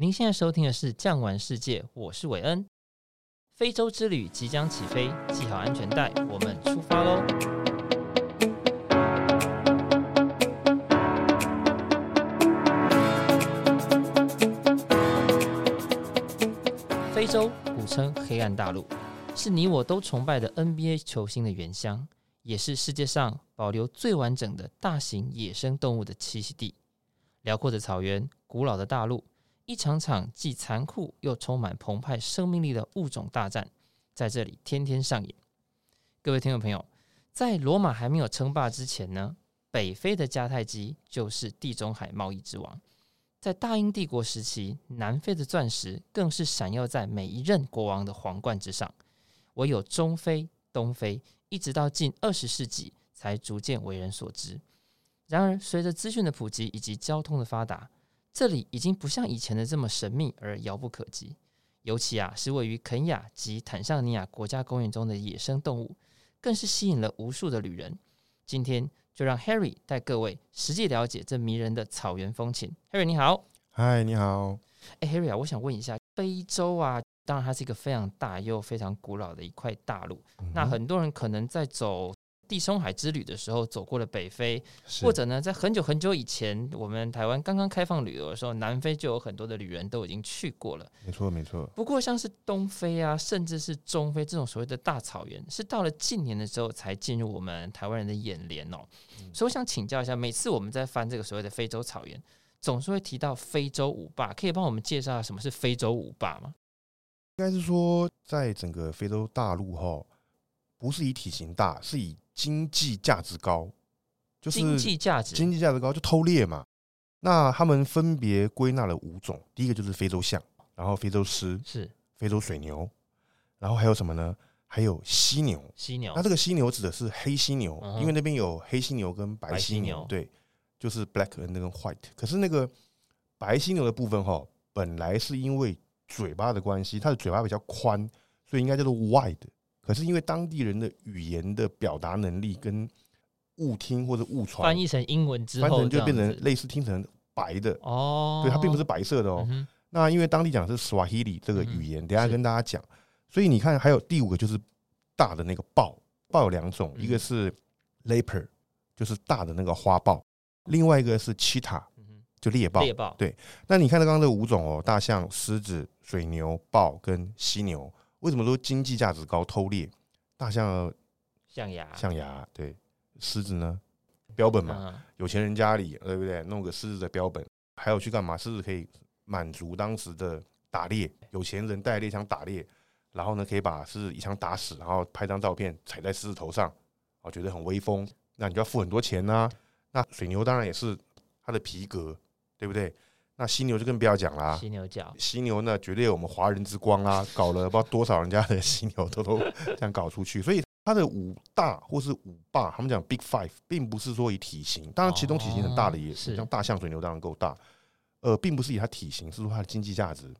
您現在收聽的是《匠玩世界》，我是偉恩。非洲之旅即將起飛，繫好安全帶，我們出發嘍！非洲古稱黑暗大陸，是你我都崇拜的 NBA 球星的原鄉，也是世界上保留最完整的大型野生動物的棲息地。遼闊的草原，古老的大陸。一場場既殘酷又充滿澎湃生命力的物種大戰，在這裡天天上演。各位聽眾朋友，在羅馬還沒有稱霸之前呢，北非的迦太基就是地中海貿易之王；在大英帝國時期，南非的鑽石更是閃耀在每一任國王的皇冠之上。唯有中非、東非，一直到近二十世紀，才逐漸為人所知。然而，隨着資訊的普及以及交通的發達，這裡已經不像以前的這麼神秘而遙不可及，尤其啊，是位於肯亞及坦桑尼亞國家公園中的野生動物，更是吸引了無數的旅人。今天就讓 Harry 帶各位實際了解這迷人的草原風情。Harry 你好。嗨，你好。哎、欸，Harry 啊，我想問一下，非洲啊，當然它是一個非常大又非常古老的一塊大陸，嗯、那很多人可能在走。地中海之旅的時候走過了北非，或者呢，在很久很久以前，我們台灣剛剛開放旅遊的時候，南非就有很多的旅人都已經去過了。沒錯，沒錯。不過像是東非啊，甚至是中非這種所謂的大草原，是到了近年的時候才進入我們台灣人的眼簾哦、喔嗯。所以我想請教一下，每次我們在翻這個所謂的非洲草原，總是會提到非洲五霸，可以幫我們介紹什麼是非洲五霸嗎？應該是說，在整個非洲大陸哈。不是以體型大，是以經濟價值高，就是經濟價值經濟價值高就偷獵嘛。那他們分別歸納了五種，第一個就是非洲象，然後非洲獅是非洲水牛，然後還有什麼呢？還有犀牛，犀牛。那這個犀牛指的是黑犀牛，嗯、因為那邊有黑犀牛跟白犀牛，犀牛對，就是 black 跟那個 white。可是那個白犀牛的部分吼，本來是因為嘴巴的關係，它的嘴巴比較寬，所以應該叫做 wide 可是因為當地人的語言的表達能力跟誤聽或者誤傳，翻譯成英文之後翻譯就變成類似聽成白的哦。對，它並不是白色的哦。嗯、那因為當地講的是 Swahili 這個語言，嗯、等下跟大家講。所以你看，還有第五個就是大的那個豹，豹有兩種，嗯，一個是 leopard，就是大的那個花豹，嗯、另外一個是 cheetah，嗯、就獵豹。獵豹對。那你看到剛剛這五種哦，大象、獅子、水牛、豹跟犀牛。為什麼說經濟價值高？偷獵大象，象牙，象牙，對。獅子呢？標本嘛，uh-huh, 有錢人家裡，對不對？弄個獅子的標本，還有去幹嘛？獅子可以滿足當時的打獵，有錢人帶獵槍打獵，然後呢，可以把獅子一槍打死，然後拍張照片，踩在獅子頭上，哦、啊，覺得很威風。那你就要付很多錢呢、啊。那水牛當然也是它的皮革，對不對？那犀牛就更不要講啦，犀牛角，犀牛呢，絕對有我們華人之光啊，搞了不知道多少人家的犀牛都都這樣搞出去，所以它的五大或是五霸，他們講 big five 並不是說以體型，當然其中體型很大的也是像大象、水牛當然夠大，呃，並不是以它體型，是說它的經濟價值，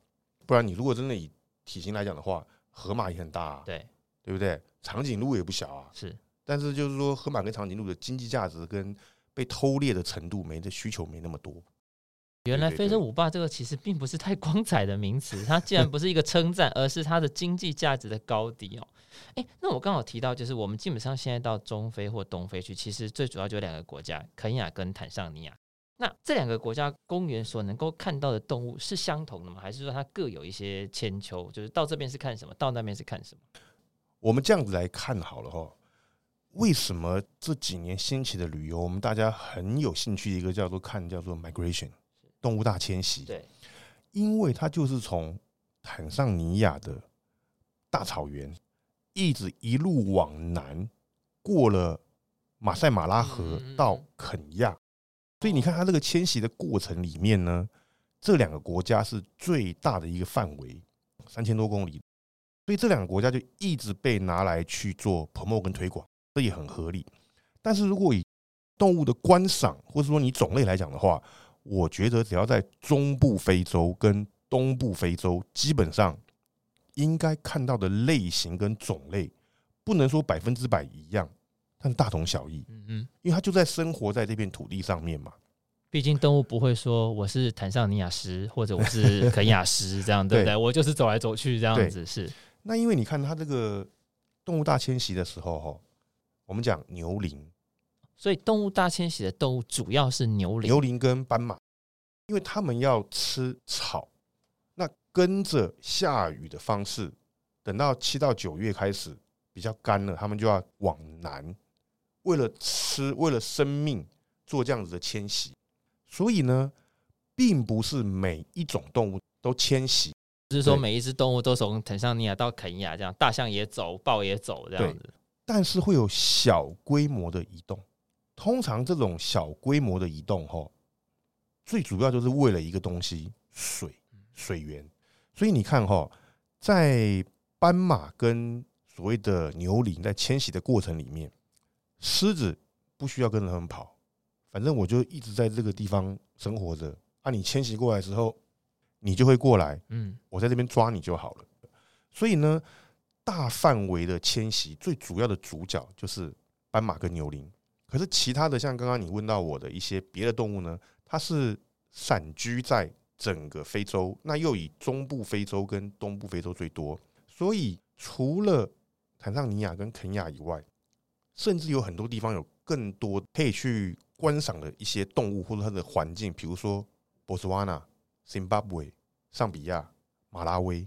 不然你如果真的以體型來講的話，河馬也很大啊，對，對不對？長頸鹿也不小啊，是，但是就是說河馬跟長頸鹿的經濟價值跟被偷獵的程度沒這需求沒那麼多。原來非洲五霸這個其實並不是太光彩的名詞。對對對，它竟然不是一個稱讚， 而是它的經濟價值的高低哦。欸，那我剛好提到，就是我們基本上現在到中非或東非去，其實最主要就兩個國家：肯雅跟坦桑尼亞。那這兩個國家公園所能夠看到的動物是相同的嗎？還是說它各有一些千秋？就是到這邊是看什麼，到那邊是看什麼？我們這樣子來看好了哈，為什麼這幾年興起的旅游，我們大家很有興趣的一個叫做看，叫做 migration。動物大遷徙，對，因為它就是從坦桑尼亞的大草原一直一路往南，過了馬賽馬拉河到肯亞，所以你看它這個遷徙的過程裡面呢，這兩個國家是最大的一個範圍，三千多公里，所以這兩個國家就一直被拿來去做 promote 跟推廣，這也很合理。但是如果以動物的觀賞，或是說你種類來講的話，我覺得只要在中部非洲跟東部非洲，基本上應該看到的類型跟種類，不能說百分之百一樣，但是大同小異。嗯嗯，因為它就在生活在這片土地上面嘛。畢竟動物不會說我是坦尚尼亞獅或者我是肯亞獅這樣， 對不對？我就是走來走去這樣子是。那因為你看它這個動物大遷徙的時候，哈，我們講牛羚。所以動物大遷徙的動物主要是牛羚，牛羚跟斑馬，因為他們要吃草。那跟着下雨的方式，等到七到九月開始比較乾了，他們就要往南，為了吃，為了生命做這樣子的遷徙。所以呢，並不是每一種動物都遷徙，就是說每一隻動物都從坦桑尼亞到肯亞這樣，大象也走，豹也走這樣子。但是會有小規模的移動。通常這種小規模的移動哈，最主要就是為了一個東西——水、水源。所以你看哈，在斑馬跟所謂的牛羚在遷徙的過程裡面，獅子不需要跟着他們跑，反正我就一直在這個地方生活着。啊，你遷徙過來之後，你就會過來，嗯，我在這邊抓你就好了。所以呢，大範圍的遷徙最主要的主角就是斑馬跟牛羚。可是其他的，像剛剛你問到我的一些別的動物呢，它是散居在整個非洲，那又以中部非洲跟東部非洲最多。所以除了坦尚尼亞跟肯亞以外，甚至有很多地方有更多可以去觀賞的一些動物或者它的環境，比如說博茨瓦納、辛巴威、尚比亞、馬拉威，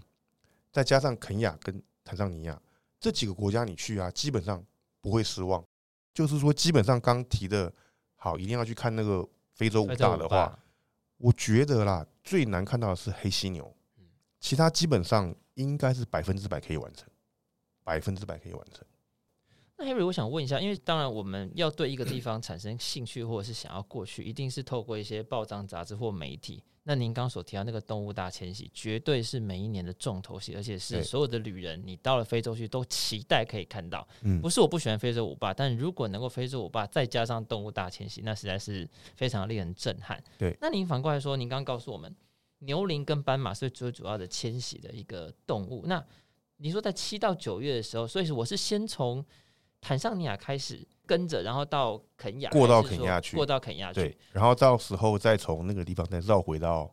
再加上肯亞跟坦尚尼亞這幾個國家，你去啊，基本上不會失望。就是說，基本上剛提的，好，一定要去看那個非洲五大的話，我覺得啦，最難看到的是黑犀牛，其他基本上應該是百分之百可以完成，百分之百可以完成。那 Harry，我想問一下，因為當然我們要對一個地方產生興趣，或者是想要過去，一定是透過一些報章雜誌或媒體。那您剛剛所提到那個動物大遷徙，絕對是每一年的重頭戲，而且是所有的旅人，你到了非洲去都期待可以看到。不是我不喜歡非洲五霸，嗯，但如果能夠非洲五霸再加上動物大遷徙，那實在是非常令人震撼。對，那您反過來說，您剛剛告訴我們，牛羚跟斑馬是最主要的遷徙的一個動物。那你說在七到九月的時候，所以我是先從坦桑尼亞開始。跟着，然後到肯亞，過到肯亞去，過到肯亞去，對，然後到時候再從那個地方再繞回到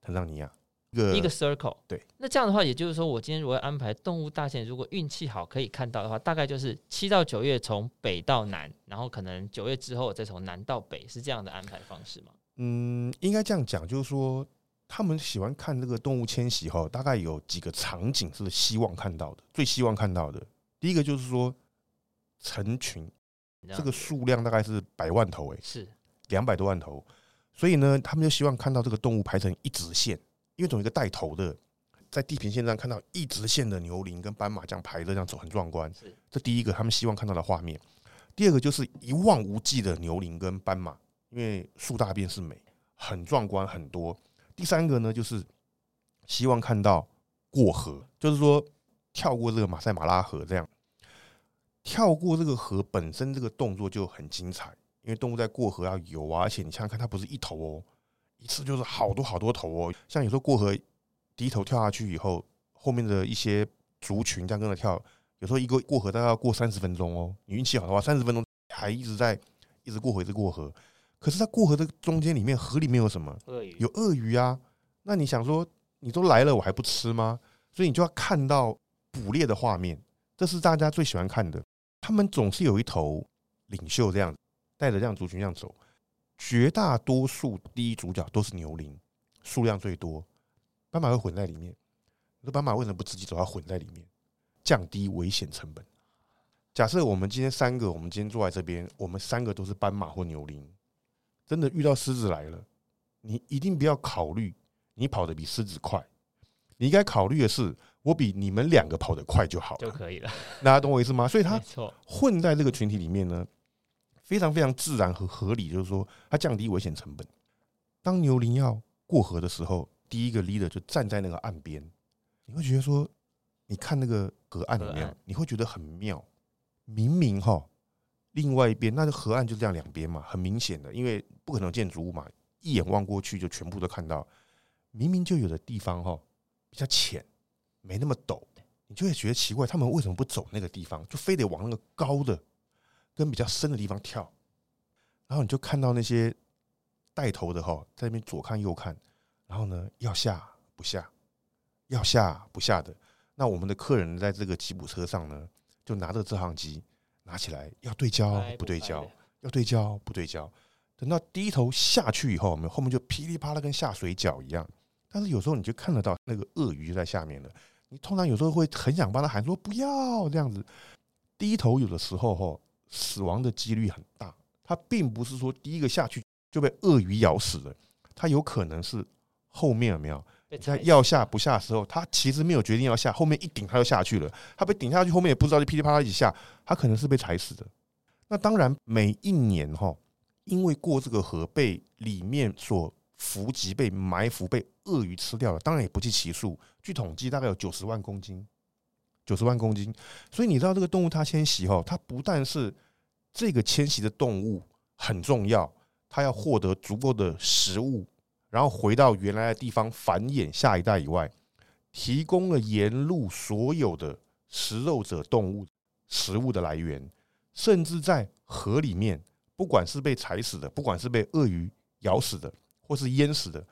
坦桑尼亞，一個一個 circle。對，那這樣的話，也就是說，我今天如果安排動物大遷，如果運氣好可以看到的話，大概就是七到九月從北到南，然後可能九月之後再從南到北，是這樣的安排方式嗎？嗯，應該這樣講，就是說，他們喜歡看這個動物遷徙哈，大概有幾個場景是希望看到的，最希望看到的第一個就是說成群。這，這個數量大概是百萬頭，誒，是兩百多萬頭，所以呢，他們就希望看到這個動物排成一直線，因為總有一個帶頭的，在地平線上看到一直線的牛羚跟斑馬這樣排著這樣走，很壯觀。是這第一個他們希望看到的畫面。第二個就是一望無際的牛羚跟斑馬，因為樹大便是美，很壯觀，很多。第三個呢，就是希望看到過河，就是說跳過這個馬賽馬拉河這樣。跳過這個河本身這個動作就很精彩，因為動物在過河要游啊，而且你想想看它不是一頭哦，一次就是好多好多頭哦。像有時候過河，第一頭跳下去以後，後面的一些族群這樣跟着跳。有時候一個過河大概要過三十分鐘哦，你運氣好的話，三十分鐘還一直在一直過河一直過河。可是它過河的中間裡面河裡面有什麼？鱷魚，有鱷魚啊。那你想說，你都來了我還不吃嗎？所以你就要看到捕獵的畫面，這是大家最喜歡看的。他們總是有一頭領袖這樣帶着這樣族群這樣走，絕大多數第一主角都是牛羚，數量最多。斑馬會混在裡面。我說斑馬為什麼不自己走，要混在裡面，降低危險成本？假設我們今天三個，我們今天坐在這邊，我們三個都是斑馬或牛羚，真的遇到獅子來了，你一定不要考慮你跑得比獅子快，你應該考慮的是。我比你們兩個跑得快就好，就可以了。大家懂我意思嗎？所以，他混在這個群體裡面呢，非常非常自然和合理。就是說，他降低危險成本。當牛羚要過河的時候，第一個 leader 就站在那個岸邊，你會覺得說，你看那個河岸怎麼樣？你會覺得很妙。明明哈，另外一邊那個河岸就這樣兩邊嘛，很明顯的，因為不可能有建築物嘛，一眼望過去就全部都看到。明明就有的地方哈，比較淺。沒那麼陡，你就會覺得奇怪，他們為什麼不走那個地方，就非得往那個高的、跟比較深的地方跳。然後你就看到那些帶頭的哈，在那邊左看右看，然後呢，要下不下，要下不下的。那我們的客人在這個吉普車上呢，就拿着照相機拿起來，要對焦不對焦，要對焦不對焦。等到低頭下去以後，我們後面就噼里啪啦跟下水餃一樣。但是有時候你就看得到那個鱷魚就在下面了。你通常有時候會很想幫他喊說，不要這樣子，低頭有的時候哈、喔，死亡的幾率很大。他並不是說第一個下去就被鱷魚咬死的，他有可能是後面有沒有？你在要下不下的時候，他其實沒有決定要下，後面一頂他就下去了。他被頂下去後面也不知道，就噼里啪啦一下，他可能是被踩死的。那當然，每一年哈、喔，因為過這個河被裡面所伏擊、被埋伏、被。鱷魚吃掉了，當然也不計其數。據統計，大概有九十萬公斤，九十萬公斤。所以你知道這個動物它遷徙哈，它不但是這個遷徙的動物很重要，它要獲得足夠的食物，然後回到原來的地方繁衍下一代以外，提供了沿路所有的食肉者動物食物的來源，甚至在河裡面，不管是被踩死的，不管是被鱷魚咬死的，或是淹死的。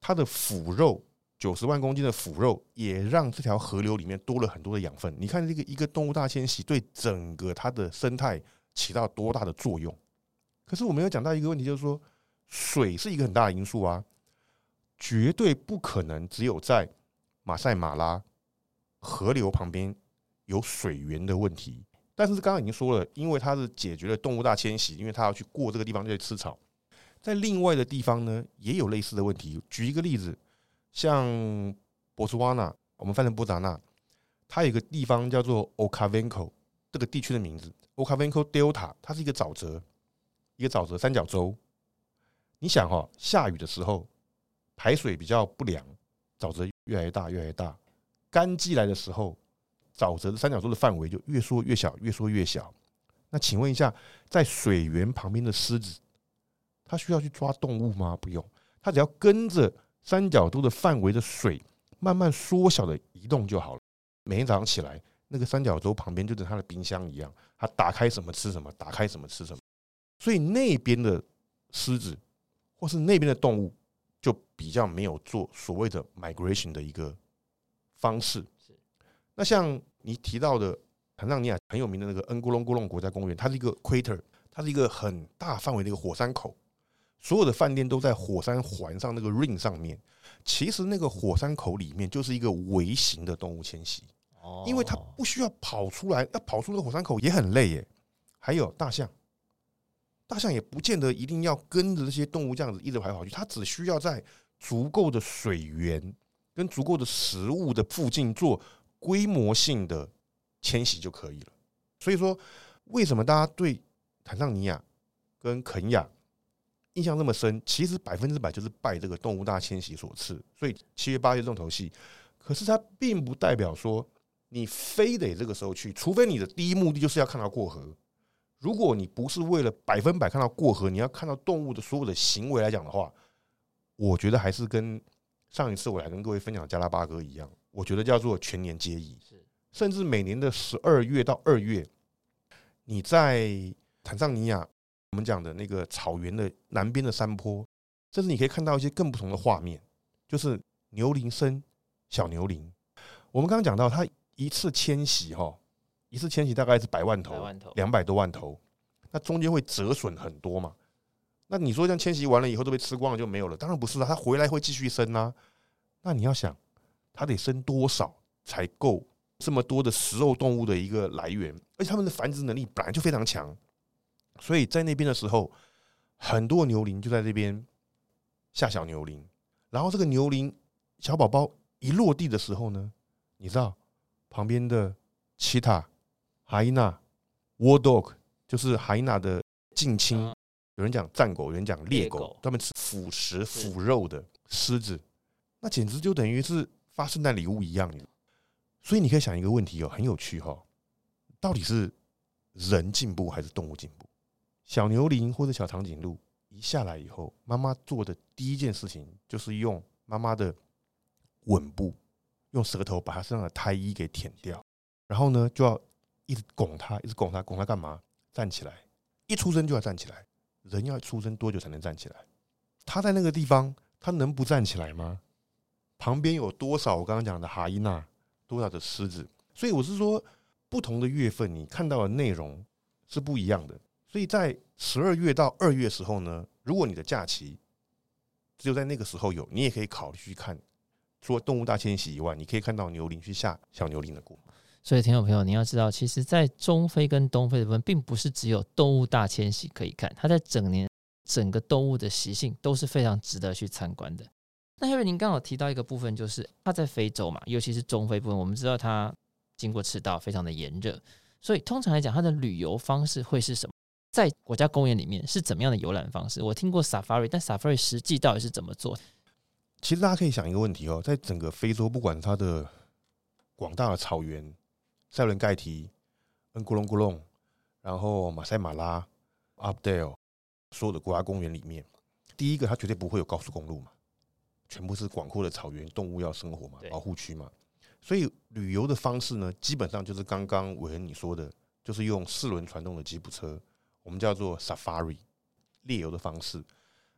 它的腐肉，九十萬公斤的腐肉，也讓這條河流裡面多了很多的養分。你看這個一個動物大遷徙，對整個它的生態起到多大的作用？可是我們要講到一個問題，就是說水是一個很大的因素啊，絕對不可能只有在馬賽馬拉河流旁邊有水源的問題。但是剛剛已經說了，因為它是解決了動物大遷徙，因為它要去過這個地方就去吃草。在另外的地方呢，也有類似的問題。舉一個例子，像博茨瓦納，我們翻成博扎納，它有個地方叫做 Okavango，這個地區的名字 Okavango Delta，它是一個沼澤，一個沼澤三角洲。你想哈，下雨的時候排水比較不良，沼澤越來越大越來越大；乾季來的時候，沼澤三角洲的範圍就越縮越小，越縮越小。那請問一下，在水源旁邊的獅子。它需要去抓動物嗎？不用，它只要跟着三角洲的範圍的水慢慢縮小的移動就好了。每天早上起來，那個三角洲旁邊就等它的冰箱一樣，它打開什麼吃什麼，打開什麼吃什麼。所以那邊的獅子或是那邊的動物，就比較沒有做所謂的 migration 的一個方式。是，那像你提到的坦桑尼亞很有名的那個恩古隆古隆國家公園，它是一個 crater，它是一個很大範圍的一個火山口。所有的飯店都在火山環上那個 ring 上面，其實那個火山口裡面就是一個微型的動物遷徙哦，因為它不需要跑出來，要跑出這火山口也很累耶。還有大象，大象也不見得一定要跟着這些動物這樣子一直跑來跑去，它只需要在足夠的水源跟足夠的食物的附近做規模性的遷徙就可以了。所以說，為什麼大家對坦桑尼亞跟肯亞印象那麼深，其實百分之百就是拜這個動物大遷徙所賜。所以七月八月重頭戲，可是它並不代表說你非得這個時候去，除非你的第一目的就是要看到過河。如果你不是為了百分百看到過河，你要看到動物的所有的行為來講的話，我覺得還是跟上一次我來跟各位分享的加拉巴哥一樣，我覺得叫做全年皆宜，甚至每年的十二月到二月，你在坦桑尼亞。我們講的那個草原的南邊的山坡，但是你可以看到一些更不同的畫面，就是牛羚生小牛羚。我們剛剛講到，它一次遷徙，齁，一次遷徙大概是百萬頭，兩百多萬頭，那中間會折損很多嘛。那你說，像遷徙完了以後都被吃光了就沒有了？當然不是啊，它回來會繼續生啊。那你要想，它得生多少才夠這麼多的食肉動物的一個來源？而且它們的繁殖能力本來就非常強。所以在那邊的時候，很多牛羚就在這邊下小牛羚，然後這個牛羚小寶寶一落地的時候呢，你知道旁邊的奇塔、海納、war dog 就是海納的近親、嗯，有人講戰狗，有人講獵狗，專門吃腐食腐，腐肉的獅子，那簡直就等於是發聖誕禮物一樣。所以你可以想一個問題哦、喔，很有趣哈、喔，到底是人進步還是動物進步？小牛羚或者小長頸鹿一下來以後，媽媽做的第一件事情就是用媽媽的吻部，用舌頭把它身上的胎衣給舔掉，然後呢就要一直拱它，一直拱它，拱它幹嘛？站起來，一出生就要站起來。人要出生多久才能站起來？他在那個地方，他能不站起來嗎？旁邊有多少我剛剛講的哈伊娜，多少的獅子？所以我是說，不同的月份你看到的內容是不一樣的。所以在十二月到二月的時候呢，如果你的假期只有在那個時候有，你也可以考慮去看。除了動物大遷徙以外，你可以看到牛羚去下小牛羚的故。所以，聽眾朋友，你要知道，其實，在中非跟東非的部分，並不是只有動物大遷徙可以看，它在整年整個動物的習性都是非常值得去參觀的。那因為您剛好提到一個部分，就是它在非洲嘛，尤其是中非部分，我們知道它經過赤道，非常的炎熱，所以通常來講，它的旅遊方式會是什麼？在國家公園裡面是怎麼樣的遊覽方式？我聽過 safari，但 safari 實際到底是怎麼做的？其實大家可以想一個問題哦，在整個非洲，不管它的廣大的草原、塞倫蓋提、恩、嗯、咕隆、古隆，然後馬賽馬拉、Aberdare，所有的國家公園裡面，第一個它絕對不會有高速公路嘛，全部是廣闊的草原，動物要生活嘛，保護區嘛，所以旅遊的方式呢，基本上就是剛剛偉仁你說的，就是用四輪傳動的吉普車。我們叫做 safari 獵遊的方式。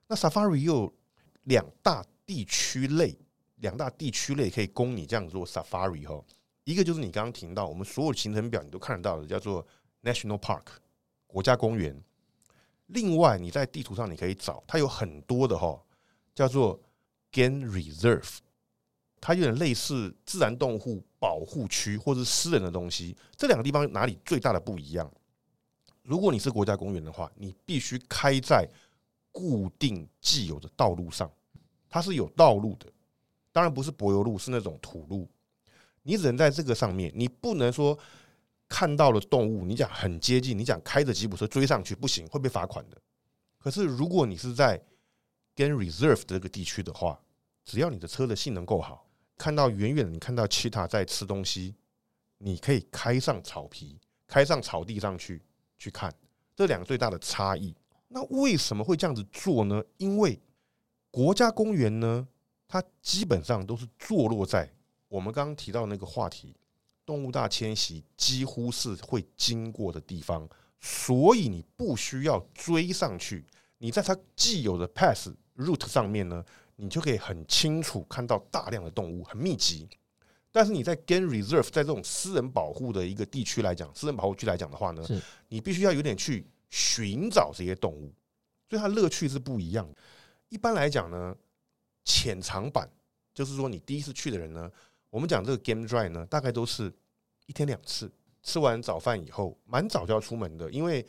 那 safari 又有兩大地區類，兩大地區類可以供你這樣做 safari 哈、哦。一個就是你剛剛聽到，我們所有行程表你都看得到的，叫做 national park 國家公園。另外你在地圖上你可以找，它有很多的哈、哦，叫做 game reserve，它有點類似自然動物保護區或者是私人的東西。這兩個地方哪裡最大的不一樣？如果你是國家公園的話，你必須開在固定既有的道路上，它是有道路的，當然不是柏油路，是那種土路。你只能在這個上面，你不能說看到了動物，你講很接近，你講開着吉普車追上去不行，會被罰款的。可是如果你是在 Game Reserve 的這個地區的話，只要你的車的性能夠好，看到遠遠的你看到 cheetah 在吃東西，你可以開上草皮，開上草地上去。去看這兩個最大的差異，那為什麼會這樣子做呢？因為國家公園呢，它基本上都是坐落在我們剛剛提到那個話題——動物大遷徙，幾乎是會經過的地方，所以你不需要追上去，你在它既有的 pass route 上面呢，你就可以很清楚看到大量的動物，很密集。但是你在 game reserve 在這種私人保護的一個地區來講，私人保護區來講的話呢，你必須要有點去尋找這些動物，所以它樂趣是不一樣的。一般來講呢，淺嘗版就是說，你第一次去的人呢，我們講這個 game drive 呢，大概都是一天兩次，吃完早飯以後，蠻早就要出門的，因為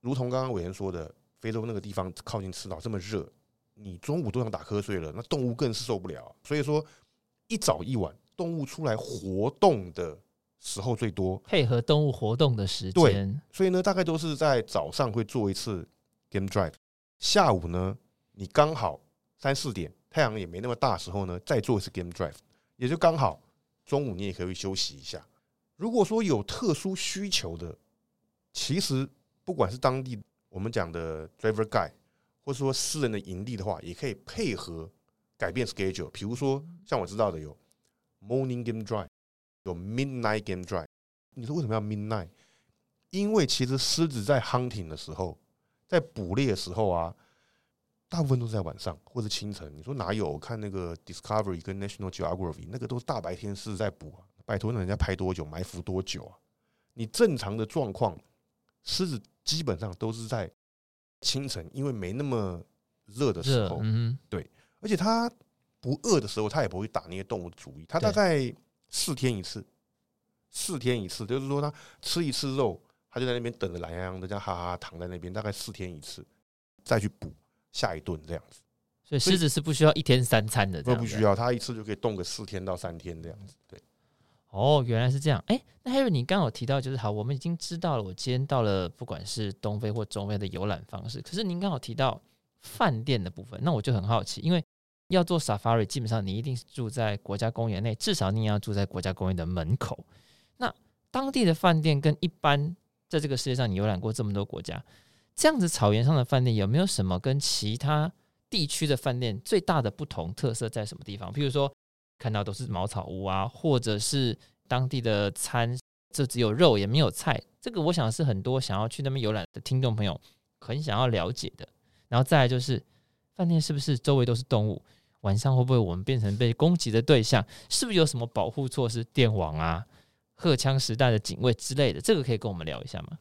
如同剛剛偉人說的，非洲那個地方靠近赤道這麼熱，你中午都想打瞌睡了，那動物更是受不了，所以說一早一晚。動物出來活動的時候最多，配合動物活動的時間。對，所以呢，大概都是在早上會做一次 game drive，下午呢，你剛好三四點太陽也沒那麼大時候呢，再做一次 game drive，也就剛好中午你也可以休息一下。如果說有特殊需求的，其實不管是當地我們講的 driver guide，或者說私人的營地的話，也可以配合改變 schedule，比如說像我知道的有。Morning game drive 有 midnight game drive 你說為什麼要 midnight？因為其實獅子在 hunting 的時候，在捕獵的時候啊，大部分都是在晚上或是清晨。你說哪有看那個 Discovery 跟 National Geography 那個都是大白天獅子在捕啊？拜托，那人家拍多久，埋伏多久啊？你正常的狀況，獅子基本上都是在清晨，因為沒那麼熱的時候。嗯，對，而且它。不餓的時候，他也不會打那些動物的主意。他大概四天一次，四天一次，就是說他吃一次肉，他就在那邊等着懶洋洋的，這樣哈哈，哈哈躺在那邊，大概四天一次再去補下一頓這樣子。所以獅子是不需要一天三餐的，都不，不需要，他一次就可以動個四天到三天這樣子。對，哦，原來是這樣。哎、欸，那還有你剛好提到，就是好，我們已經知道了，我今天到了不管是東非或中非的遊覽方式。可是您剛好提到飯店的部分，那我就很好奇，因為。要做 Safari，基本上你一定是住在國家公園內，至少你也要住在國家公園的門口。那當地的飯店跟一般在這個世界上你遊覽過這麼多國家，這樣子草原上的飯店有沒有什麼跟其他地區的飯店最大的不同特色在什麼地方？譬如說看到都是茅草屋啊，或者是當地的餐就只有肉也沒有菜，這個我想是很多想要去那邊遊覽的聽眾朋友很想要了解的。然後再來就是飯店是不是周圍都是動物？晚上會不會我們變成被攻擊的對象？是不是有什麼保護措施？電網啊，荷槍實彈的警衛之類的，這個可以跟我們聊一下嗎？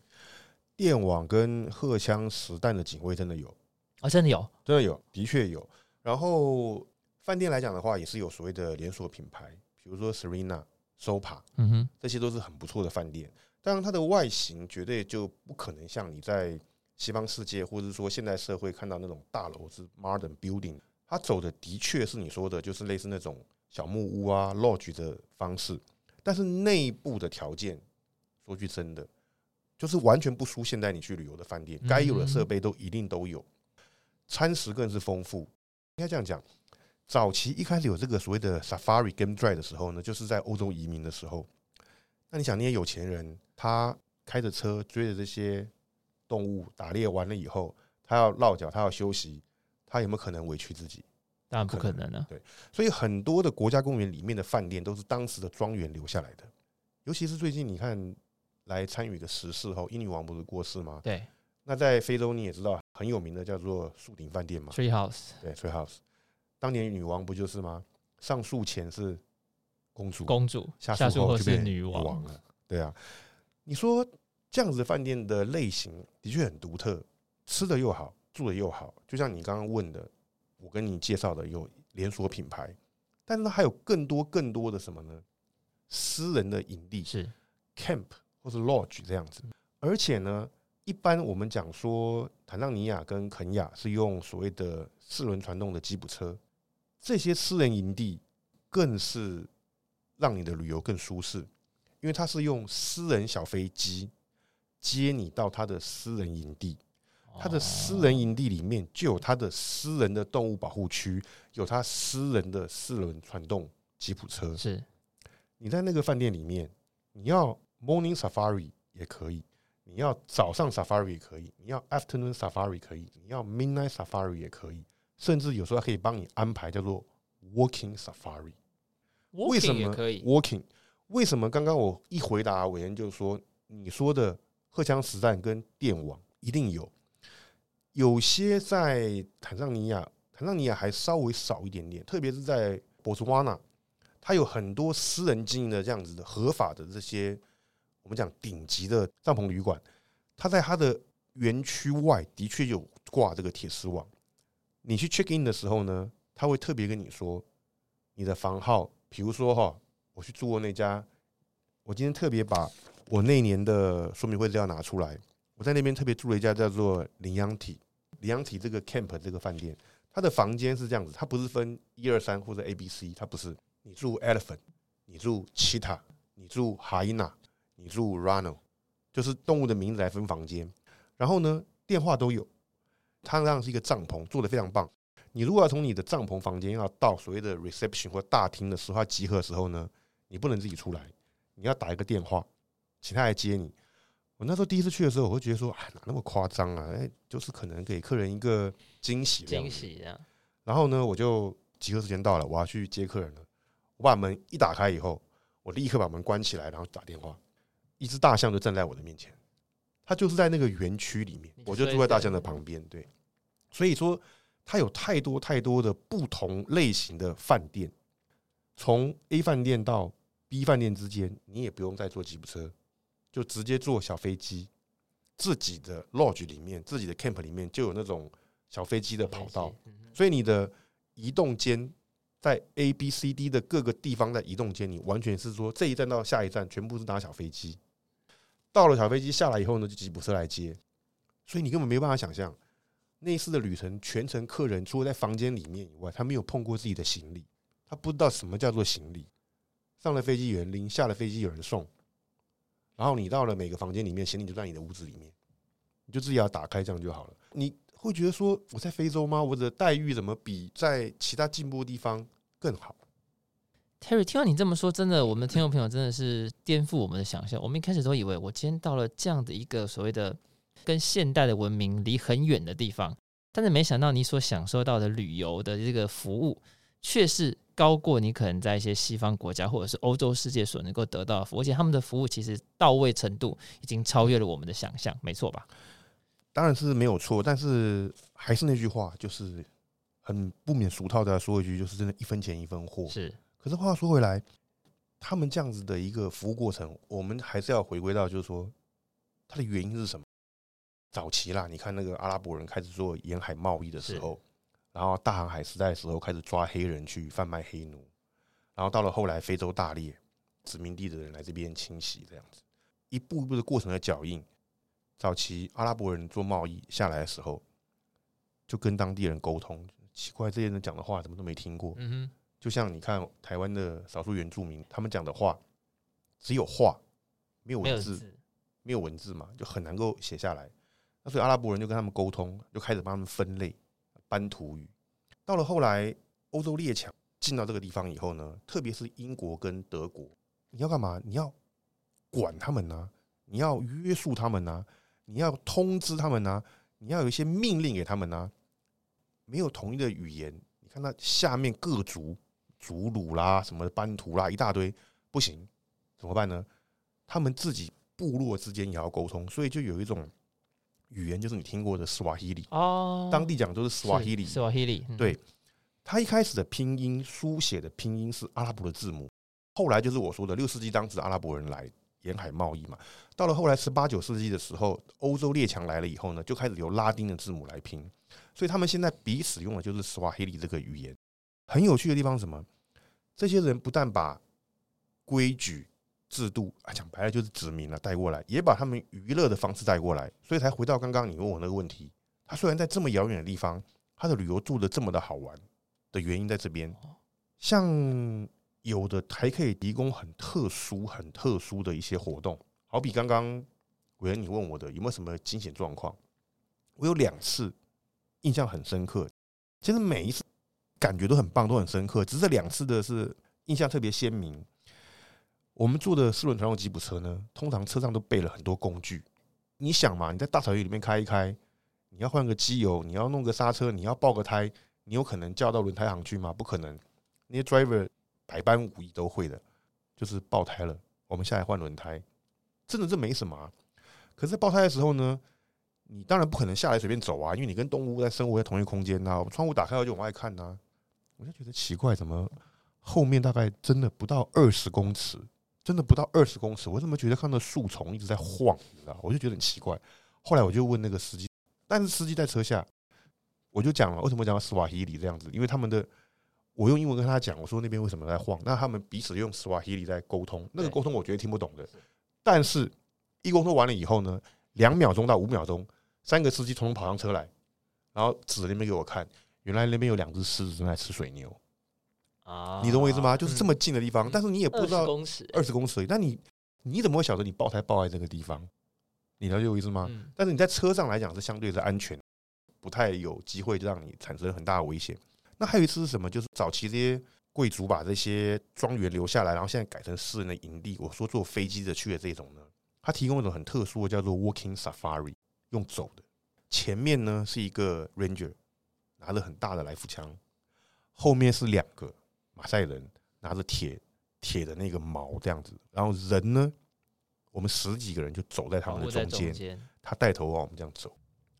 電網跟荷槍實彈的警衛真的有啊、哦？真的有，真的有，的確有。然後飯店來講的話，也是有所謂的連鎖品牌，比如說 Serena、Sopa，嗯哼，這些都是很不錯的飯店。但它的外形絕對就不可能像你在西方世界或者是說現代社會看到那種大樓是 Modern Building。他走的的確是你說的，就是類似那種小木屋啊，Lodge 的方式，但是內部的條件，說句真的，就是完全不輸現在你去旅遊的飯店，該有的設備都一定都有，餐食更是豐富。應該這樣講，早期一開始有這個所謂的 Safari Game Drive 的時候呢，就是在歐洲移民的時候，那你想那些有錢人，他開着車追着這些動物打獵完了以後，他要落腳，他要休息。他有沒有可能委屈自己？當然不可能了啊。對，所以很多的國家公園裡面的飯店都是當時的莊園留下來的，尤其是最近你看來參與的個時事後，英女王不是過世嗎？對。那在非洲你也知道很有名的叫做樹頂飯店嗎？Tree House。對，Tree House。當年女王不就是嗎？上樹前是公主，公主下樹後是女王。對啊，你說這樣子的飯店的類型的確很獨特，吃的又好。住的又好，就像你剛剛問的，我跟你介紹的有連鎖品牌，但是它還有更多更多的什麼呢？私人的營地是 camp 或是 lodge 這樣子，而且呢，一般我們講說坦桑尼亞跟肯亞是用所謂的四輪傳動的吉普車，這些私人營地更是讓你的旅遊更舒適，因為它是用私人小飛機接你到他的私人營地。他的私人營地裡面就有他的私人的動物保護區，有他私人的四輪傳動吉普車。是，你在那個飯店裡面，你要 Morning Safari 也可以，你要早上 Safari 也可以，你要 Afternoon Safari 可以，你要 Midnight Safari 也可以，甚至有時候還可以幫你安排叫做 Walking Safari。Walking 為什麼？Walking 也可以為什麼？剛剛我一回答委員就說，你說的荷槍實彈跟電網一定有。有些在坦桑尼亞，坦桑尼亞還稍微少一點點，特別是在博茨瓦納，它有很多私人經營的這樣子的合法的這些我們講頂級的帳篷旅館，它在它的園區外的確有掛這個鐵絲網。你去 check in 的時候呢，他會特別跟你說你的房號，比如說哈，我去住過那家，我今天特別把我那年的說明會資料拿出來，我在那邊特別住了一家叫做羚羊體。楊陽提這個 camp 這個飯店，它的房間是這樣子，它不是分一二三或者 A B C，它不是。你住 elephant，你住 chita，你住 hina，你住 rano，就是動物的名字來分房間。然後呢，電話都有，它那是一個帳篷做的非常棒。你如果要從你的帳篷房間要到所謂的 reception 或大廳的時候，集合的時候呢，你不能自己出來，你要打一個電話，請他來接你。我那時候第一次去的時候，我會覺得說，哎，哪那麼誇張啊？哎、欸，就是可能給客人一個驚喜，驚喜。然後呢，我就集合時間到了，我要去接客人了。我把門一打開以後，我立刻把門關起來，然後打電話。一隻大象就站在我的面前，它就是在那個園區裡面，我就住在大象的旁邊。對，所以說它有太多太多的不同類型的飯店，從 A 飯店到 B 飯店之間，你也不用再坐吉普車。就直接坐小飛機，自己的 lodge 裡面，自己的 camp 裡面就有那種小飛機的跑道，所以你的移動間在 A、B、C、D 的各個地方在移動間，你完全是說這一站到下一站全部是搭小飛機，到了小飛機下來以後呢，就吉普車來接，所以你根本沒辦法想象那一次的旅程全程，客人除了在房間裡面以外，他沒有碰過自己的行李，他不知道什麼叫做行李，上了飛機有人拎，下了飛機有人送。然後你到了每個房間裡面，行李就在你的屋子裡面，你就自己要打開這樣就好了。你會覺得說我在非洲嗎？我的待遇怎麼比在其他進步地方更好？Terry，聽到你這麼說，真的，我們的聽眾朋友真的是顛覆我們的想象。我們一開始都以為我今天到了這樣的一個所謂的跟現代的文明離很遠的地方，但是沒想到你所享受到的旅遊的這個服務。確實高過你可能在一些西方國家或者是歐洲世界所能夠得到的服務，而且他們的服務其實到位程度已經超越了我們的想象，沒錯吧？當然是沒有錯，但是還是那句話，就是很不免俗套的說一句，就是真的一分錢一分貨。是，可是話說回來，他們這樣子的一個服務過程，我們還是要回歸到，就是說它的原因是什麼？早期啦，你看那個阿拉伯人開始做沿海貿易的時候。然後大航海時代的時候開始抓黑人去販賣黑奴，然後到了後來非洲大裂殖民地的人來這邊清洗這樣子一步一步的過程的腳印。早期阿拉伯人做貿易下來的時候，就跟當地人溝通，奇怪這些人講的話怎麼都沒聽過。就像你看台灣的少數原住民，他們講的話只有話，沒有文字，沒有文字嘛，就很難夠寫下來。那所以阿拉伯人就跟他們溝通，就開始幫他們分類。班圖語，到了後來，歐洲列強進到這個地方以後呢，特別是英國跟德國，你要幹嘛？你要管他們吶、啊，你要約束他們吶、啊，你要通知他們吶、啊，你要有一些命令給他們吶、啊。沒有同一的語言，你看那下面各族、祖魯啦、什麼班圖啦，一大堆，不行，怎麼辦呢？他們自己部落之間也要溝通，所以就有一種。語言就是你聽過的斯瓦希里，當地講的都是斯瓦希里。斯瓦希里，對，他一開始的拼音書寫的拼音是阿拉伯的字母，後來就是我說的六世紀，當時阿拉伯人來沿海貿易嘛。到了後來十八九世紀的時候，歐洲列強來了以後呢，就開始由拉丁的字母來拼，所以他們現在彼此用的就是斯瓦希里這個語言。很有趣的地方是什麼？這些人不但把規矩。制度啊，講白了就是殖民了、啊，帶過來，也把他們娛樂的方式帶過來，所以才回到剛剛你問我那個問題。他雖然在這麼遙遠的地方，他的旅遊住的這麼的好玩的原因在這邊，像有的還可以提供很特殊、很特殊的一些活動，好比剛剛委員你問我的有沒有什麼驚險狀況，我有兩次印象很深刻，其實每一次感覺都很棒、都很深刻，只是兩次的是印象特別鮮明。我們坐的四輪傳動吉普車呢，通常車上都備了很多工具。你想嘛，你在大草原裡面開一開，你要換個機油，你要弄個剎車，你要爆個胎，你有可能叫到輪胎行去嗎？不可能。那些 driver 百般武藝都會的，就是爆胎了，我們下來換輪胎，真的這沒什麼啊。可是爆胎的時候呢，你當然不可能下來隨便走啊，因為你跟動物在生活在同一個空間啊，我們窗戶打開後就往外看吶啊，我就覺得奇怪，怎麼後面大概真的不到二十公尺。真的不到二十公尺，我怎麼覺得看到樹叢一直在晃，你知道？我就覺得很奇怪。後來我就問那個司機，但是司機在車下，我就講了為什麼講到斯瓦希里這樣子，因為他們的我用英文跟他講，我說那邊為什麼在晃？那他們彼此用斯瓦希里在溝通，那個溝通我覺得聽不懂的。但是一溝通完了以後呢，兩秒鐘到五秒鐘，三個司機匆匆跑上車來，然後指著那邊給我看，原來那邊有兩隻獅子正在吃水牛。你懂我意思嗎、啊？就是這麼近的地方，嗯、但是你也不知道二十公尺，那、嗯、你你怎麼會曉得你爆胎爆在這個地方？你了解我意思嗎、嗯？但是你在車上來講是相對是安全的，不太有機會就讓你產生很大的危險。那還有一次是什麼？就是早期這些貴族把這些莊園留下來，然後現在改成私人的營地。我說坐飛機的去的這種呢，他提供了一種很特殊的叫做 “walking safari”，用走的。前面呢是一個 ranger 拿了很大的來福槍，後面是兩個。馬賽人拿着鐵鐵的那個矛這樣子，然後人呢，我們十幾個人就走在他們的中間，中間他帶頭往我們這樣走，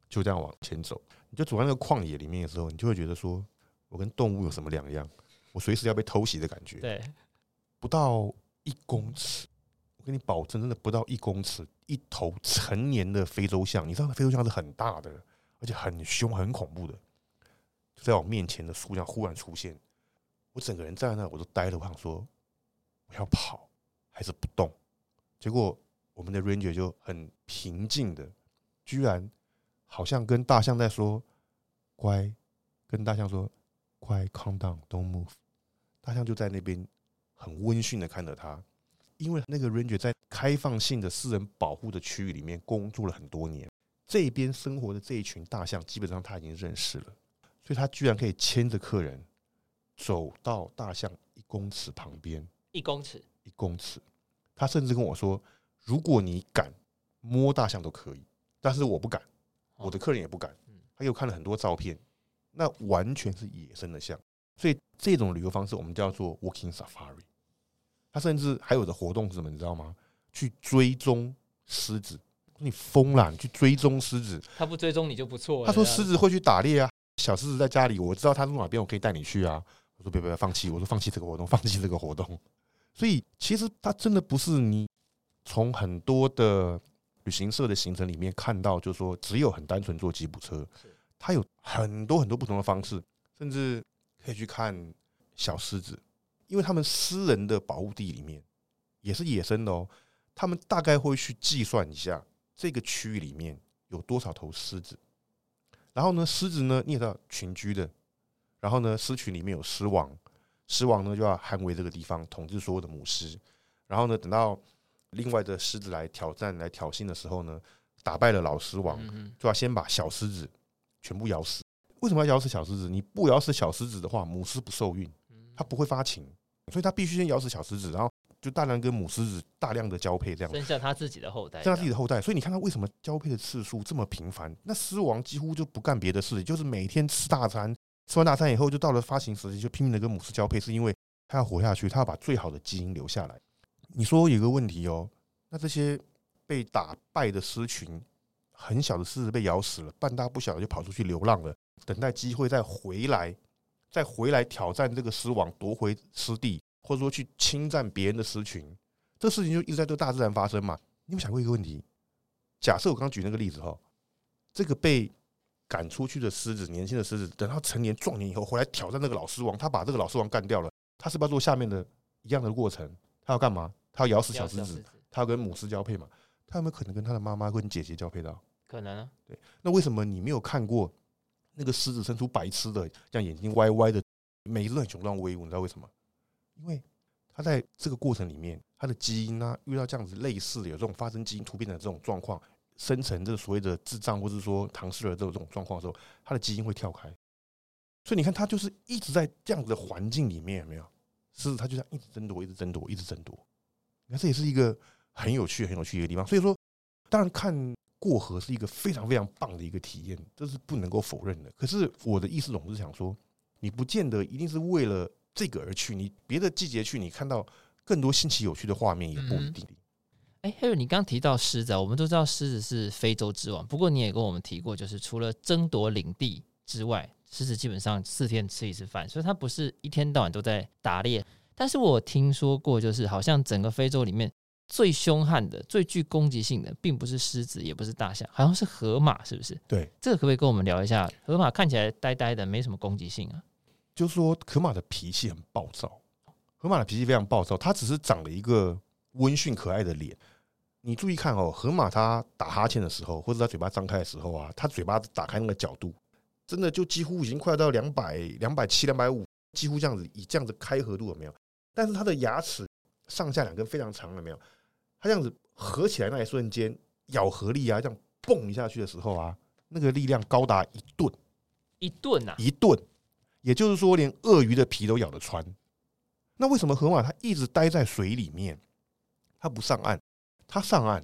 就這樣往前走。你就走在那個曠野裡面的時候，你就會覺得說我跟動物有什麼兩樣？我隨時要被偷襲的感覺。對，不到一公尺，我跟你保證，真的不到一公尺，一頭成年的非洲象，你知道非洲象是很大的，而且很凶很恐怖的，在我面前的樹像忽然出現。我整個人站在那，我都呆了。我想說，我要跑還是不動？結果我們的 Ranger 就很平靜的，居然好像跟大象在說“乖”，跟大象說“乖，calm down, don't move”。大象就在那邊很溫馴的看着他。因為那個 Ranger 在開放性的私人保護的區域裡面工作了很多年，這邊生活的這一群大象基本上他已經認識了，所以他居然可以牽着客人。走到大象一公尺旁邊，一公尺，一公尺。他甚至跟我說：“如果你敢摸大象都可以，但是我不敢，哦、我的客人也不敢。”他又看了很多照片，那完全是野生的象，所以這種旅遊方式我們叫做 “walking safari”。他甚至還有的活動是什麼？你知道嗎？去追蹤獅子。你瘋了？你去追蹤獅子？他不追蹤你就不錯了。他說：“獅子會去打獵啊，嗯、小獅子在家裡，我知道他住哪邊，我可以帶你去啊。”別別別放棄！我說放棄這個活動，放棄這個活動。所以其實它真的不是你從很多的旅行社的行程裡面看到，就是說只有很單純坐吉普車。它有很多很多不同的方式，甚至可以去看小獅子，因為他們私人的保護地裡面也是野生的哦、喔。他們大概會去計算一下這個區域裡面有多少頭獅子，然後呢，獅子呢，你也知道群居的。然後呢，獅群裡面有獅王，獅王呢就要捍衛這個地方，統治所有的母獅。然後呢，等到另外的獅子來挑戰、來挑釁的時候呢，打敗了老獅王，就要先把小獅子全部咬死。嗯嗯，為什麼要咬死小獅子？你不咬死小獅子的話，母獅不受孕，它、嗯嗯、不會發情，所以它必須先咬死小獅子，然後就大量跟母獅子大量的交配，這樣剩下他自己的後代、啊，剩它自己的後代。所以你看他為什麼交配的次數這麼頻繁？那獅王幾乎就不幹別的事，就是每天吃大餐。吃完大餐以後，就到了發情時期，就拼命的跟母獅交配，是因為它要活下去，它要把最好的基因留下來。你說有一個問題哦，那這些被打敗的獅群，很小的獅子被咬死了，半大不小的就跑出去流浪了，等待機會再回來，再回來挑戰這個獅王，奪回獅地，或者說去侵佔別人的獅群，這事情就一直在對大自然發生嘛？你有沒有想過一個問題？假設我剛剛舉那個例子哈、哦，這個被。趕出去的獅子，年輕的獅子，等它成年壯年以後回來挑戰那個老獅王，他把這個老獅王幹掉了，他是不是要做下面的一樣的過程？他要幹嘛？他要咬死小獅子，他要跟母獅交配嘛？他有沒有可能跟他的媽媽、跟姐姐交配到？可能啊。對，那為什麼你沒有看過那個獅子生出白痴的，這樣眼睛歪歪的，每一隻很雄壯威武？你知道為什麼？因為他在這個過程裡面，他的基因呢、啊，遇到這樣子類似的有這種發生基因突變的這種狀況。生成這個所謂的智障，或者是說唐氏兒這種這種狀況的時候，他的基因會跳開。所以你看，他就是一直在這樣子的環境裡面，沒有，是，他就像一直爭奪，一直爭奪，一直爭奪。你看，這也是一個很有趣、很有趣的地方。所以說，當然看過河是一個非常非常棒的一個體驗，這是不能夠否認的。可是我的意思總是想說，你不見得一定是為了這個而去，你別的季節去，你看到更多新奇有趣的畫面也不一定。嗯哎、欸、Harry，你剛剛提到獅子啊，我們都知道獅子是非洲之王。不過你也跟我們提過，就是除了爭奪領地之外，獅子基本上四天吃一次飯，所以它不是一天到晚都在打獵。但是我聽說過，就是好像整個非洲裡面最兇悍的、最具攻擊性的，並不是獅子，也不是大象，好像是河馬，是不是？對，這個可不可以跟我們聊一下？河馬看起來呆呆的，沒什麼攻擊性啊？就是說，河馬的脾氣很暴躁，河馬的脾氣非常暴躁，它只是長了一個溫馴可愛的臉。你注意看哦，河馬它打哈欠的時候，或者它嘴巴張開的時候啊，它嘴巴打開那個角度，真的就幾乎已經快到兩百、兩百七、兩百五，幾乎這樣子以這樣子開合度了沒有？但是它的牙齒上下兩根非常長了沒有？它這樣子合起來那一瞬間，咬合力啊，這樣蹦一下去的時候啊，那個力量高達一噸，一噸吶、啊，一噸，也就是說連鱷魚的皮都咬得穿。那為什麼河馬它一直待在水裡面，它不上岸？它上岸，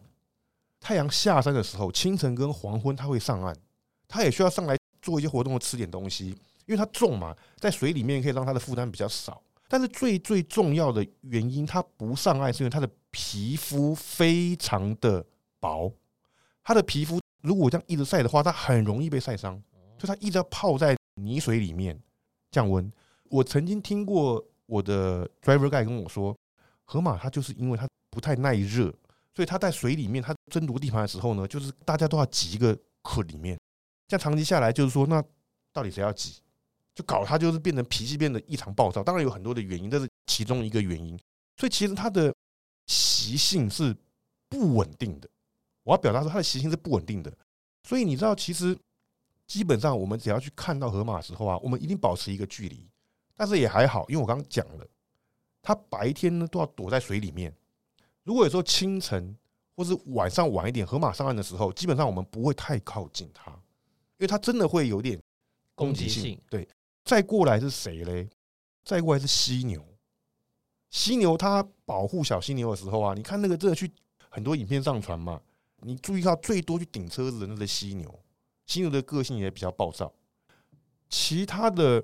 太陽下山的時候，清晨跟黃昏，它會上岸。它也需要上來做一些活動或吃點東西，因為它重嘛，在水裡面可以讓它的負擔比較少。但是最最重要的原因，它不上岸，是因為它的皮膚非常的薄。它的皮膚如果這樣一直曬的話，它很容易被曬傷，所以它一直要泡在泥水裡面降溫。我曾經聽過我的 driver guide 跟我說，河馬它就是因為它不太耐熱。所以他在水裡面，他爭奪地盤的時候呢，就是大家都要擠一個殼裡面。這樣長期下來，就是說，那到底誰要擠，就搞他，就是變成脾氣變得異常暴躁。當然有很多的原因，這是其中一個原因。所以其實它的習性是不穩定的。我要表達說，它的習性是不穩定的。所以你知道，其實基本上我們只要去看到河馬的時候啊，我們一定保持一個距離。但是也還好，因為我剛剛講了，它白天呢都要躲在水裡面。如果有時候清晨或是晚上晚一點河馬上岸的時候，基本上我們不會太靠近它，因為它真的會有點攻擊性,性。對，再過來是誰嘞？再過來是犀牛。犀牛它保護小犀牛的時候啊，你看那個真的去很多影片上傳嘛，你注意到最多去頂車子的那個犀牛。犀牛的個性也比較暴躁。其他的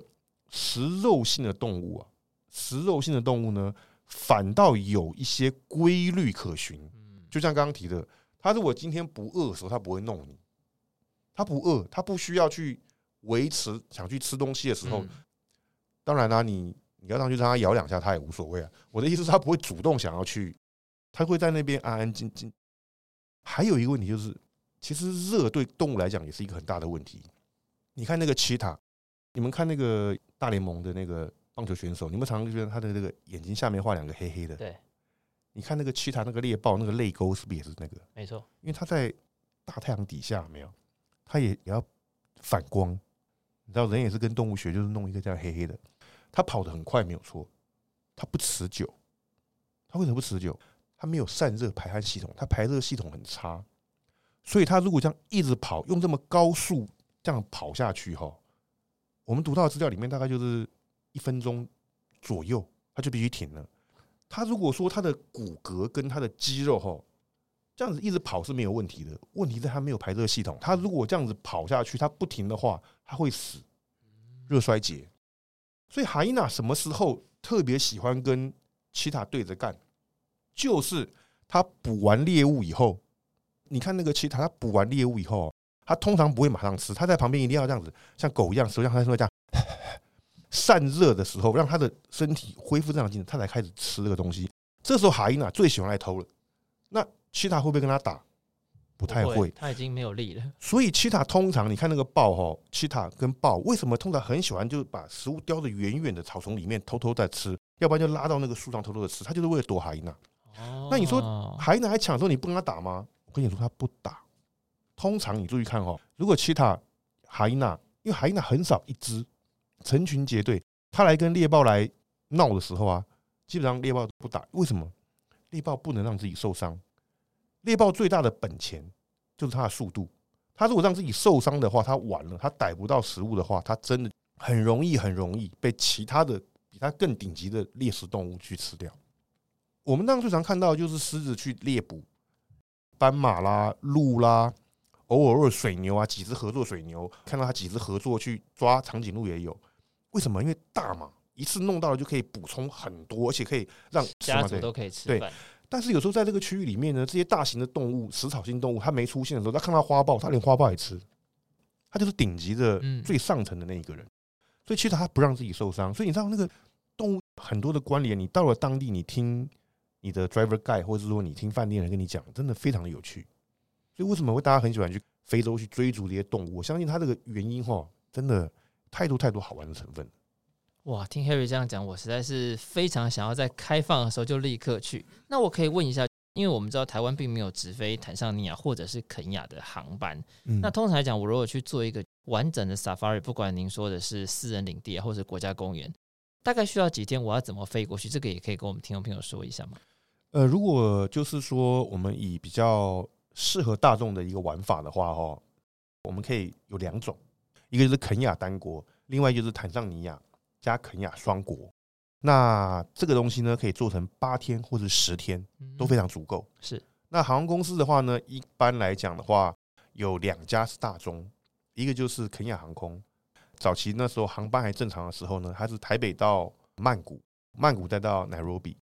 食肉性的動物啊，食肉性的動物呢？反倒有一些規律可循，就像剛剛提的，他如果今天不餓的時候，他不會弄你。他不餓，他不需要去維持想去吃東西的時候。當然啦、啊，你你要上去讓他咬兩下，他也無所謂啊。我的意思是，他不會主動想要去，他會在那邊安安靜靜。還有一個問題就是，其實熱對動物來講也是一個很大的問題。你看那個奇塔，你們看那個大聯盟的那個。棒球選手，你們常常覺得他的那個眼睛下面畫兩個黑黑的？對，你看那個其他那個獵豹那個淚溝是不是也是那個？沒錯，因為他在大太陽底下，沒有，他也也要反光。你知道，人也是跟動物學，就是弄一個這樣黑黑的。他跑得很快，沒有錯，他不持久。他為什麼不持久？他沒有散熱排汗系統，他排熱系統很差。所以，他如果這樣一直跑，用這麼高速這樣跑下去，哈，我們讀到的資料裡面大概就是。一分鐘左右，他就必須停了。他如果說，他的骨骼跟他的肌肉哈，這樣子一直跑是沒有問題的。問題是他沒有排熱系統。他如果這樣子跑下去，他不停的話，他會死，熱衰竭。所以哈伊娜什麼時候特別喜歡跟奇塔對着幹，就是他捕完獵物以後，你看那個奇塔，他捕完獵物以後，他通常不會馬上吃，他在旁邊一定要這樣子，像狗一樣，實際上他是這樣。這樣呵呵散熱的時候，讓他的身體恢復正常機能，他才開始吃這個東西。這時候海娜最喜歡來偷了。那七塔會不會跟他打？不太會，他已經沒有力了。所以七塔通常，你看那個豹哈，七塔跟豹為什麼通常很喜歡就是把食物叼的遠遠的草叢裡面偷偷在吃，要不然就拉到那個樹上偷偷的吃，他就是為了躲海娜。那你說海娜還搶的時候你不跟他打嗎？我跟你說他不打。通常你注意看哈、哦，如果七塔海娜，因為海娜很少一隻。成群結隊，他來跟獵豹來鬧的時候啊，基本上獵豹不打。為什麼？獵豹不能讓自己受傷。獵豹最大的本錢就是它的速度。它如果讓自己受傷的話，它完了，它逮不到食物的話，它真的很容易很容易被其他的比它更頂級的獵食動物去吃掉。我們當時最常看到就是獅子去獵捕斑馬啦、鹿啦，偶爾偶爾水牛啊，幾隻合作水牛，看到它幾隻合作去抓長頸鹿也有。為什麼？因為大嘛，一次弄到了就可以補充很多，而且可以讓家族都可以吃對。對，但是有時候在這個區域裡面呢，這些大型的動物、食草性動物，它沒出現的時候，他看到花豹，他連花豹也吃，他就是頂級的、最上層的那一個人。嗯、所以其實他不讓自己受傷。所以你知道那個動物很多的關聯，你到了當地，你聽你的 driver guide，或者是說你聽飯店人跟你講，真的非常的有趣。所以為什麼會大家很喜歡去非洲去追逐這些動物？我相信它這個原因哈，真的。太多太多好玩的成分。哇，聽 Harry 這樣講，我實在是非常想要在開放的時候就立刻去。那我可以問一下，因為我們知道台灣並沒有直飛坦桑尼亞或者是肯亞的航班，嗯。那通常來講，我如果去做一個完整的 safari，不管您說的是私人領地啊，或者是國家公園，大概需要幾天？我要怎麼飛過去？這個也可以跟我們聽眾朋友說一下嗎？呃，如果就是說我們以比較適合大眾的一個玩法的話，哈，我們可以有兩種。一個是肯亞單國，另外就是坦桑尼亞加肯亞雙國。那這個東西呢，可以做成八天或是十天，嗯嗯，都非常足夠。是。那航空公司的話呢，一般來講的話，有兩家是大宗，一個就是肯亞航空。早期那時候航班還正常的時候呢，它是台北到曼谷，曼谷再到 Nairobi，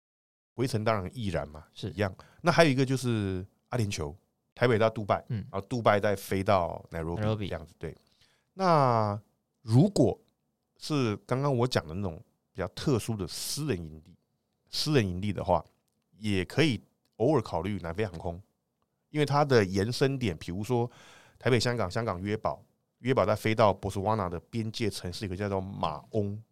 回程當然亦然嘛，是一樣。那還有一個就是阿聯酋，台北到杜拜，嗯，然後杜拜再飛到 Nairobi 這樣子，對。那如果是剛剛我講的那種比較特殊的私人營地，私人營地的話，也可以偶爾考慮南非航空，因為它的延伸點，比如說台北、香港，香港約堡、約堡，再飛到博斯瓦納的邊界城市，一個叫做馬翁，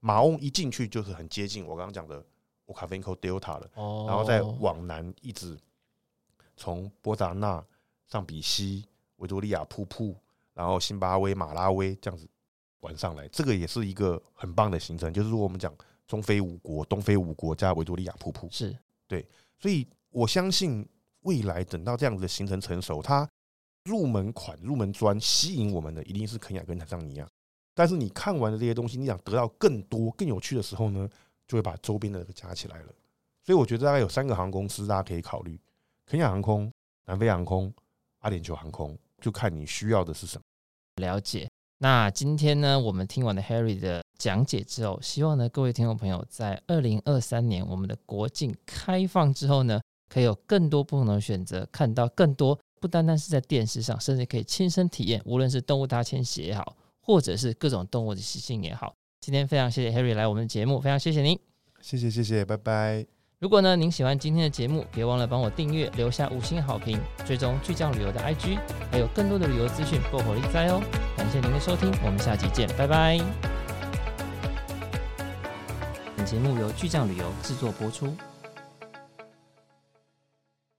馬翁一進去就是很接近我剛剛講的 Okavango Delta 的哦，然後再往南一直從波札那，尚比西，維多利亞瀑布。然後，辛巴威、馬拉威這樣子玩上來，這個也是一個很棒的行程。就是如果我們講中非五國、東非五國加維多利亞瀑布，是對。所以我相信未來等到這樣子的行程成熟，它入門款、入門磚吸引我們的一定是肯亞跟坦桑尼亞。但是你看完的這些東西，你想得到更多、更有趣的時候呢，就會把周邊的這個加起來了。所以我覺得大概有三個航空公司大家可以考慮：肯亞航空、南非航空、阿聯酋航空。就看你需要的是什麼。了解。那今天呢，我們聽完了 Harry 的講解之後，希望呢各位聽眾朋友在二零二三年我們的國境開放之後呢，可以有更多不同的選擇，看到更多，不單單是在電視上，甚至可以親身體驗，無論是動物大遷徙也好，或者是各種動物的習性也好。今天非常謝謝 Harry 來我們的節目，非常謝謝您，謝謝謝謝，拜拜。如果呢，您喜歡今天的節目，別忘了幫我訂閱、留下五星好評，追蹤巨匠旅遊的 IG，還有更多的旅遊資訊，爆火力在哦。感謝您的收聽，我們下集見，拜拜。本節目由巨匠旅遊製作播出。